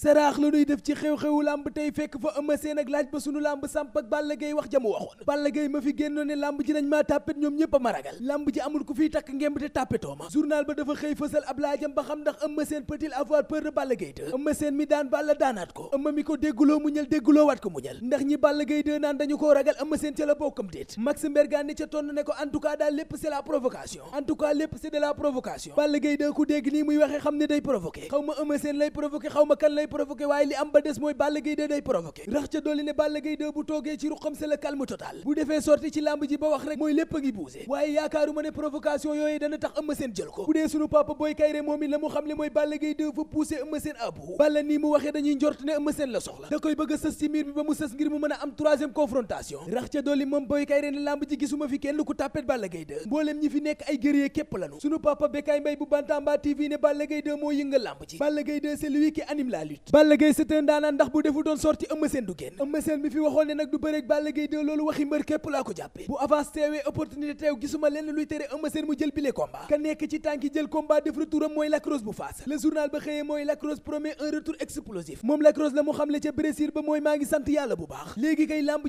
saraax la nuy def ci xew-xewu lamb tey fekk fa Eumeu ak laaj ba sunu lamb samp ak Balla Gaye wax jamu waxoon Balla Gaye ma fi génnoon ne lamb ji dañ maa tàppet ñoom ñépp a ma ragal lamb ji amul ku fiy takk ngemb te tàppetoo ma journal ba dafa xëy fësal ab laajam ba xam ndax Eumeu Sène avoir peur de Balla Gaye 2 Eumeu Sène mi daan Balla daanaat ko Eumeu mi ko dégguloo mu ñal dégguloo waat ko mu ñal ndax ñi Balla Gaye 2 naan dañu koo ragal Eumeu Sène ca la bokkam xaw ma kan provoqué waaye li am ba des mooy Balla Gaye 2 day provoqué rax ca dolli ne Balla Gaye 2 bu toogee ci ruqam c'est le calme bu defee sorti ci lamb ji ba wax rek mooy lépp a ngi buuse waaye yaakaaru ne provocation yooyu dana tax Eumeu Sène jël ko bu dee sunu papa Boy Kayre moom it la mu xam le mooy Balla Gaye 2 fa poussé Eumeu Sène à nii mu waxee dañuy njort ne Eumeu Sène la soxla da koy bëgg sës ci miir bi ba mu sës ngir mu mën a am troisième confrontation fight Balla Gaye c'est un daanaan ndax bu defu doon sorti Eumeu Sène du génn Eumeu Sène mi fi waxoon ne nag du bëreeg Balla Gaye de loolu waxi mbër képp laa ko jàppe bu avance teewee opportunité teew gisuma lenn luy tere Eumeu Sène mu jël bile combat ka nekk ci tànki jël combat def retouram mooy Lac Rose bu faas le journal ba xëyee mooy Lac Rose promet un retour explosif moom Lac Rose la mu xamle ca Brésil ba mooy maa ngi sant yàlla bu baax léegi kay lamb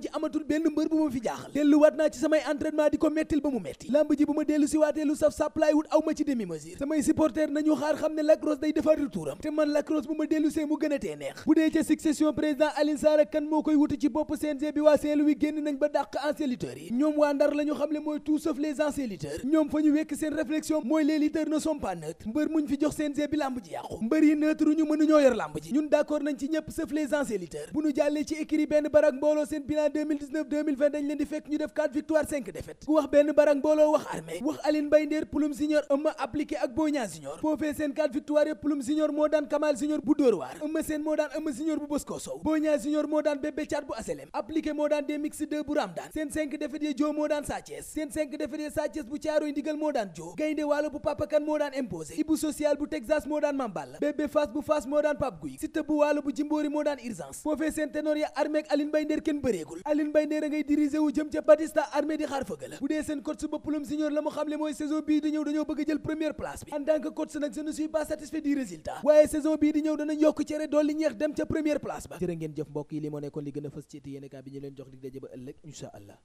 mu gën neex bu dee ca succession président Alioune Sarr kan moo koy wutu ci bopp CNG bi waa Saint-Louis génn nañ ba dàq anciens yi ñoom waa Ndar la ñu mooy tout sauf les ñoom fa ñu wekk seen réflexion mooy les lutteurs ne sont pas neutres mbër muñ fi jox CNG bi làmb ji yàqu mbër yi neutre ñu mënuñoo yor làmb ji ñun d'accord nañ ci ñëpp sauf les bu ñu jàllee ci écrit benn barak mbooloo seen bilan dañ leen di fekk ñu def 4 victoire Eumeu moo daan Eumeu bu Bosco Sow Boy Niang moo daan Bébé Thiat bu aselem appliqué moo daan Demix 2 bu Ramdan seen cinq défaites yi Joo moo daan Sa seen cinq défaites yi Sa Thiès bu Caaroy ndigal moo daan Joo Gaynde Waalo bu Papakan moo daan imposé Ibu Social bu Texas moo daan Mambal Bébé Fass bu Fass moo daan Pape Guy Siteu bu Waalo bu Jimboori moo daan Urgence foofee seen ténor ya armée Aline Bay kenn bëreegul Aline Bay cere dolli ñeex dem ca première place ba jërë ngeen jëf mbokk yi li moo nekkoon li gën a fës bi ñu leen jox dig daje ba ëllëg incha allah